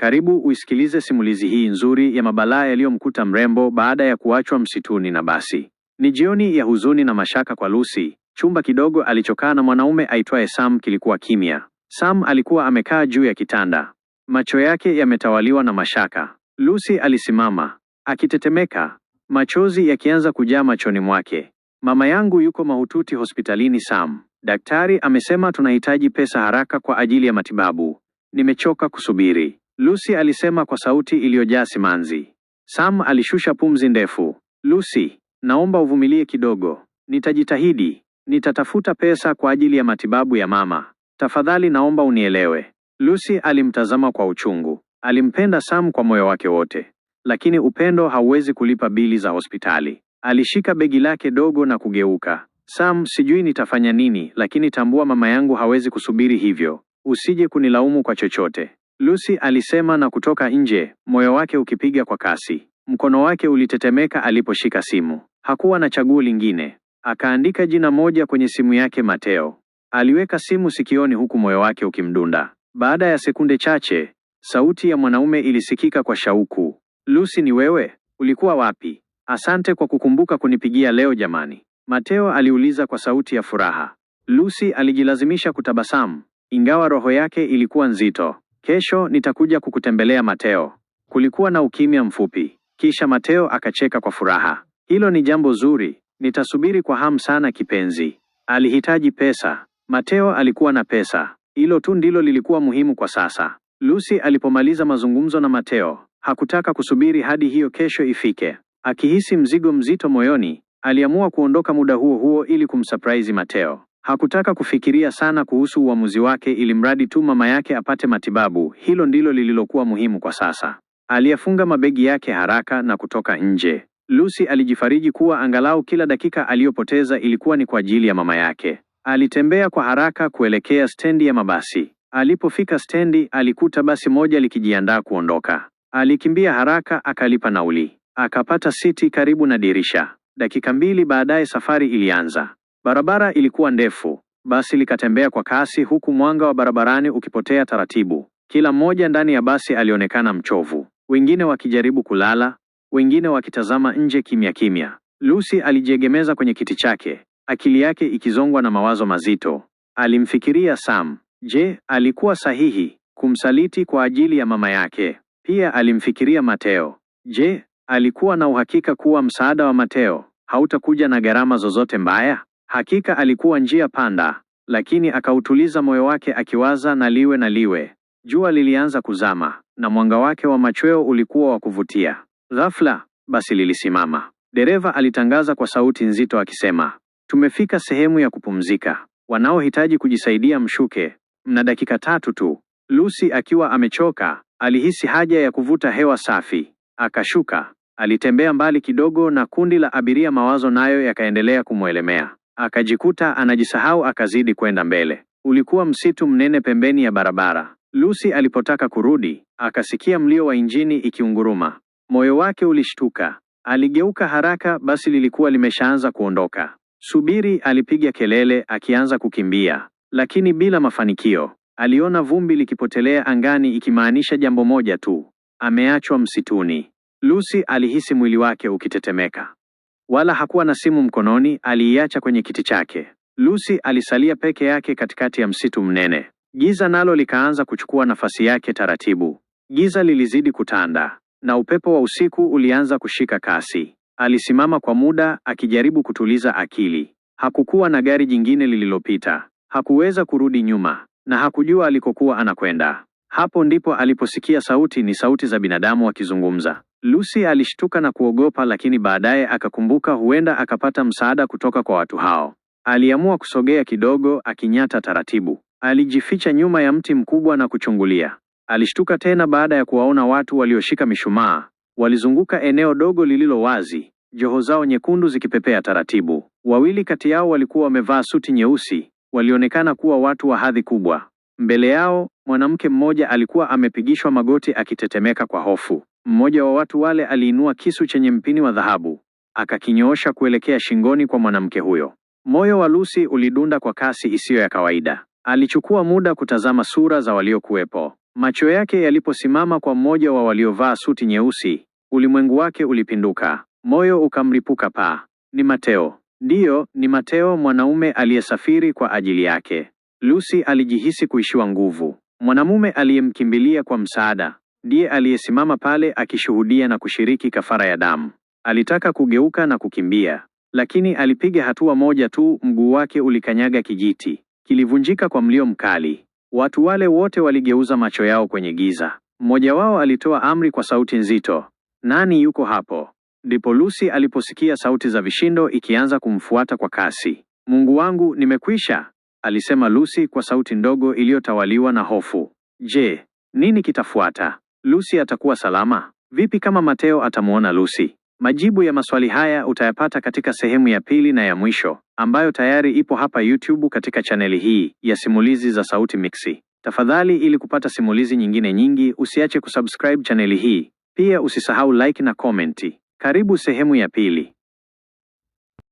Karibu uisikilize simulizi hii nzuri ya mabalaa yaliyomkuta mrembo baada ya kuachwa msituni na basi. Ni jioni ya huzuni na mashaka kwa Lucy. Chumba kidogo alichokaa na mwanaume aitwaye Sam kilikuwa kimya. Sam alikuwa amekaa juu ya kitanda, macho yake yametawaliwa na mashaka. Lucy alisimama akitetemeka, machozi yakianza kujaa machoni mwake. Mama yangu yuko mahututi hospitalini, Sam. Daktari amesema tunahitaji pesa haraka kwa ajili ya matibabu. Nimechoka kusubiri. Lucy alisema kwa sauti iliyojaa simanzi. Sam alishusha pumzi ndefu. Lucy, naomba uvumilie kidogo. Nitajitahidi. Nitatafuta pesa kwa ajili ya matibabu ya mama. Tafadhali naomba unielewe. Lucy alimtazama kwa uchungu. Alimpenda Sam kwa moyo wake wote, lakini upendo hauwezi kulipa bili za hospitali. Alishika begi lake dogo na kugeuka. Sam, sijui nitafanya nini, lakini tambua mama yangu hawezi kusubiri hivyo. Usije kunilaumu kwa chochote. Lucy alisema na kutoka nje, moyo wake ukipiga kwa kasi. Mkono wake ulitetemeka aliposhika simu. Hakuwa na chaguo lingine. Akaandika jina moja kwenye simu yake, Mateo. Aliweka simu sikioni huku moyo wake ukimdunda. Baada ya sekunde chache, sauti ya mwanaume ilisikika kwa shauku. Lucy, ni wewe? Ulikuwa wapi? Asante kwa kukumbuka kunipigia leo jamani. Mateo aliuliza kwa sauti ya furaha. Lucy alijilazimisha kutabasamu, ingawa roho yake ilikuwa nzito. Kesho nitakuja kukutembelea Mateo. Kulikuwa na ukimya mfupi, kisha Mateo akacheka kwa furaha. Hilo ni jambo zuri, nitasubiri kwa hamu sana kipenzi. Alihitaji pesa, Mateo alikuwa na pesa, hilo tu ndilo lilikuwa muhimu kwa sasa. Lucy alipomaliza mazungumzo na Mateo, hakutaka kusubiri hadi hiyo kesho ifike. Akihisi mzigo mzito moyoni, aliamua kuondoka muda huo huo ili kumsurprise Mateo. Hakutaka kufikiria sana kuhusu uamuzi wake, ili mradi tu mama yake apate matibabu. Hilo ndilo lililokuwa muhimu kwa sasa. Aliyafunga mabegi yake haraka na kutoka nje. Lucy alijifariji kuwa angalau kila dakika aliyopoteza ilikuwa ni kwa ajili ya mama yake. Alitembea kwa haraka kuelekea stendi ya mabasi. Alipofika stendi, alikuta basi moja likijiandaa kuondoka. Alikimbia haraka, akalipa nauli, akapata siti karibu na dirisha. Dakika mbili baadaye, safari ilianza. Barabara ilikuwa ndefu. Basi likatembea kwa kasi huku mwanga wa barabarani ukipotea taratibu. Kila mmoja ndani ya basi alionekana mchovu, wengine wakijaribu kulala, wengine wakitazama nje kimya kimya. Lucy alijiegemeza kwenye kiti chake, akili yake ikizongwa na mawazo mazito. Alimfikiria Sam. Je, alikuwa sahihi kumsaliti kwa ajili ya mama yake? Pia alimfikiria Mateo. Je, alikuwa na uhakika kuwa msaada wa Mateo hautakuja na gharama zozote mbaya? Hakika alikuwa njia panda, lakini akautuliza moyo wake akiwaza na liwe na liwe. Jua lilianza kuzama na mwanga wake wa machweo ulikuwa wa kuvutia. Ghafla basi lilisimama. Dereva alitangaza kwa sauti nzito akisema, tumefika sehemu ya kupumzika, wanaohitaji kujisaidia mshuke, mna dakika tatu tu. Lucy akiwa amechoka alihisi haja ya kuvuta hewa safi, akashuka. Alitembea mbali kidogo na kundi la abiria, mawazo nayo yakaendelea kumwelemea akajikuta anajisahau, akazidi kwenda mbele. Ulikuwa msitu mnene pembeni ya barabara. Lucy alipotaka kurudi, akasikia mlio wa injini ikiunguruma. Moyo wake ulishtuka, aligeuka haraka, basi lilikuwa limeshaanza kuondoka. Subiri, alipiga kelele akianza kukimbia, lakini bila mafanikio. Aliona vumbi likipotelea angani, ikimaanisha jambo moja tu: ameachwa msituni. Lucy alihisi mwili wake ukitetemeka. Wala hakuwa na simu mkononi, aliiacha kwenye kiti chake. Lucy alisalia peke yake katikati ya msitu mnene. Giza nalo likaanza kuchukua nafasi yake taratibu. Giza lilizidi kutanda na upepo wa usiku ulianza kushika kasi. Alisimama kwa muda akijaribu kutuliza akili. Hakukuwa na gari jingine lililopita, hakuweza kurudi nyuma na hakujua alikokuwa anakwenda. Hapo ndipo aliposikia sauti, ni sauti za binadamu wakizungumza. Lucy alishtuka na kuogopa, lakini baadaye akakumbuka huenda akapata msaada kutoka kwa watu hao. Aliamua kusogea kidogo, akinyata taratibu. Alijificha nyuma ya mti mkubwa na kuchungulia. Alishtuka tena baada ya kuwaona watu walioshika mishumaa walizunguka eneo dogo lililo wazi, joho zao nyekundu zikipepea taratibu. Wawili kati yao walikuwa wamevaa suti nyeusi, walionekana kuwa watu wa hadhi kubwa. Mbele yao mwanamke mmoja alikuwa amepigishwa magoti akitetemeka kwa hofu. Mmoja wa watu wale aliinua kisu chenye mpini wa dhahabu, akakinyoosha kuelekea shingoni kwa mwanamke huyo. Moyo wa Lucy ulidunda kwa kasi isiyo ya kawaida. Alichukua muda kutazama sura za waliokuwepo. Macho yake yaliposimama kwa mmoja wa waliovaa suti nyeusi, ulimwengu wake ulipinduka, moyo ukamlipuka pa Ni Mateo. Ndiyo, ni Mateo, mwanaume aliyesafiri kwa ajili yake. Lucy alijihisi kuishiwa nguvu. Mwanamume aliyemkimbilia kwa msaada ndiye aliyesimama pale akishuhudia na kushiriki kafara ya damu. Alitaka kugeuka na kukimbia, lakini alipiga hatua moja tu, mguu wake ulikanyaga kijiti, kilivunjika kwa mlio mkali. Watu wale wote waligeuza macho yao kwenye giza. Mmoja wao alitoa amri kwa sauti nzito, nani yuko hapo? Ndipo Lucy aliposikia sauti za vishindo ikianza kumfuata kwa kasi. Mungu wangu, nimekwisha, alisema Lucy kwa sauti ndogo iliyotawaliwa na hofu. Je, nini kitafuata? Lucy atakuwa salama? Vipi kama Mateo atamwona Lucy? Majibu ya maswali haya utayapata katika sehemu ya pili na ya mwisho ambayo tayari ipo hapa YouTube katika chaneli hii ya Simulizi za Sauti Mixi. Tafadhali, ili kupata simulizi nyingine nyingi, usiache kusubscribe chaneli hii. Pia usisahau like na komenti. Karibu sehemu ya pili.